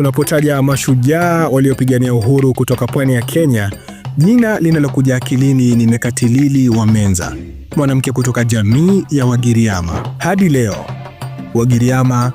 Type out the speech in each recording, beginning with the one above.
Tunapotaja mashujaa waliopigania uhuru kutoka pwani ya Kenya, jina linalokuja akilini ni Mekatilili wa Menza, mwanamke kutoka jamii ya Wagiriama. Hadi leo Wagiriama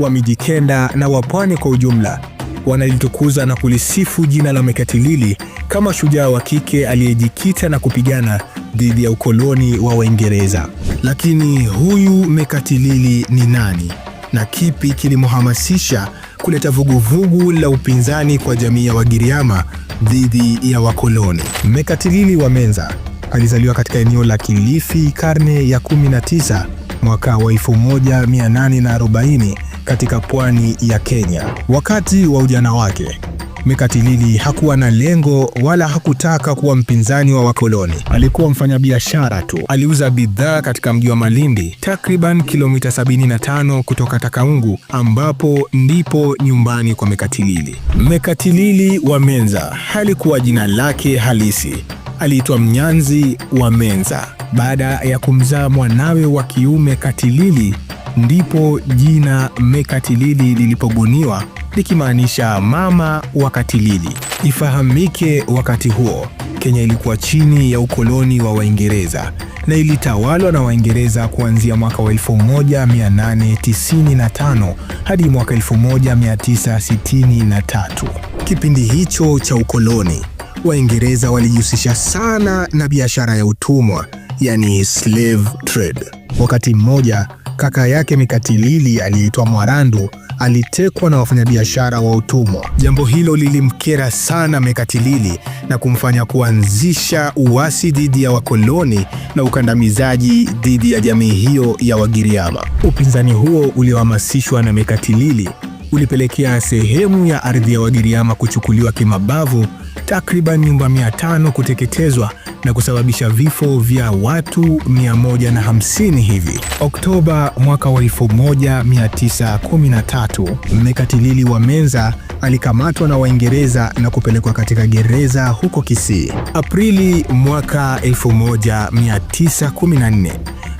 wa Mijikenda na wa pwani kwa ujumla wanalitukuza na kulisifu jina la Mekatilili kama shujaa wa kike aliyejikita na kupigana dhidi ya ukoloni wa Waingereza. Lakini huyu Mekatilili ni nani na kipi kilimhamasisha kuleta vuguvugu vugu la upinzani kwa jamii ya Wagiriama dhidi ya wakoloni. Mekatilili wa Menza alizaliwa katika eneo la Kilifi karne ya 19 mwaka wa 1840 katika pwani ya Kenya. Wakati wa ujana wake mekatilili hakuwa na lengo wala hakutaka kuwa mpinzani wa wakoloni. Alikuwa mfanyabiashara tu. Aliuza bidhaa katika mji wa Malindi, takriban kilomita 75 kutoka Takaungu, ambapo ndipo nyumbani kwa mekatilili mekatilili wa Menza halikuwa jina lake halisi. Aliitwa Mnyanzi wa Menza baada ya kumzaa mwanawe wa kiume Katilili ndipo jina Mekatilili lilipobuniwa likimaanisha mama wakati lili. Ifahamike, wakati huo Kenya ilikuwa chini ya ukoloni wa Waingereza na ilitawalwa na Waingereza kuanzia mwaka wa 1895 hadi mwaka 1963. Kipindi hicho cha ukoloni, Waingereza walijihusisha sana na biashara ya utumwa, yani slave trade. Wakati mmoja kaka yake Mikatilili aliyeitwa Mwarandu alitekwa na wafanyabiashara wa utumwa. Jambo hilo lilimkera sana Mekatilili na kumfanya kuanzisha uasi dhidi ya wakoloni na ukandamizaji dhidi ya jamii hiyo ya Wagiriama. Upinzani huo uliohamasishwa na Mekatilili ulipelekea sehemu ya ardhi ya Wagiriama kuchukuliwa kimabavu, takriban nyumba 500 kuteketezwa na kusababisha vifo vya watu 150 hivi. Oktoba mwaka wa 1913, Mekatilili wa Menza alikamatwa na Waingereza na kupelekwa katika gereza huko Kisii. Aprili mwaka 1914,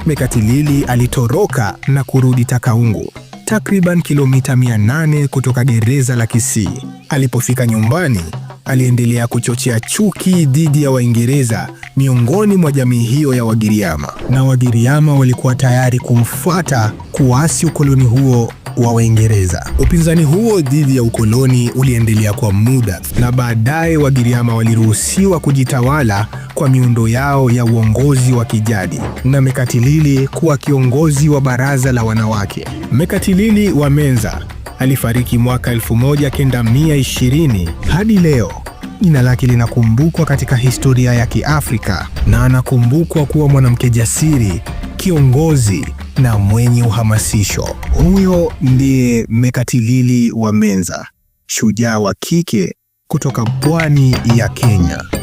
Mekatilili alitoroka na kurudi Takaungu takriban kilomita 800 kutoka gereza la Kisii. Alipofika nyumbani, aliendelea kuchochea chuki dhidi ya Waingereza miongoni mwa jamii hiyo ya Wagiriama, na Wagiriama walikuwa tayari kumfuata kuasi ukoloni huo wa Waingereza. Upinzani huo dhidi ya ukoloni uliendelea kwa muda na baadaye Wagiriama waliruhusiwa kujitawala kwa miundo yao ya uongozi wa kijadi na Mekatilili kuwa kiongozi wa baraza la wanawake. Mekatilili wa Menza alifariki mwaka 1920. Hadi leo jina lake linakumbukwa katika historia ya Kiafrika na anakumbukwa kuwa mwanamke jasiri, kiongozi na mwenye uhamasisho. Huyo ndiye Mekatilili wa Menza, shujaa wa kike kutoka pwani ya Kenya.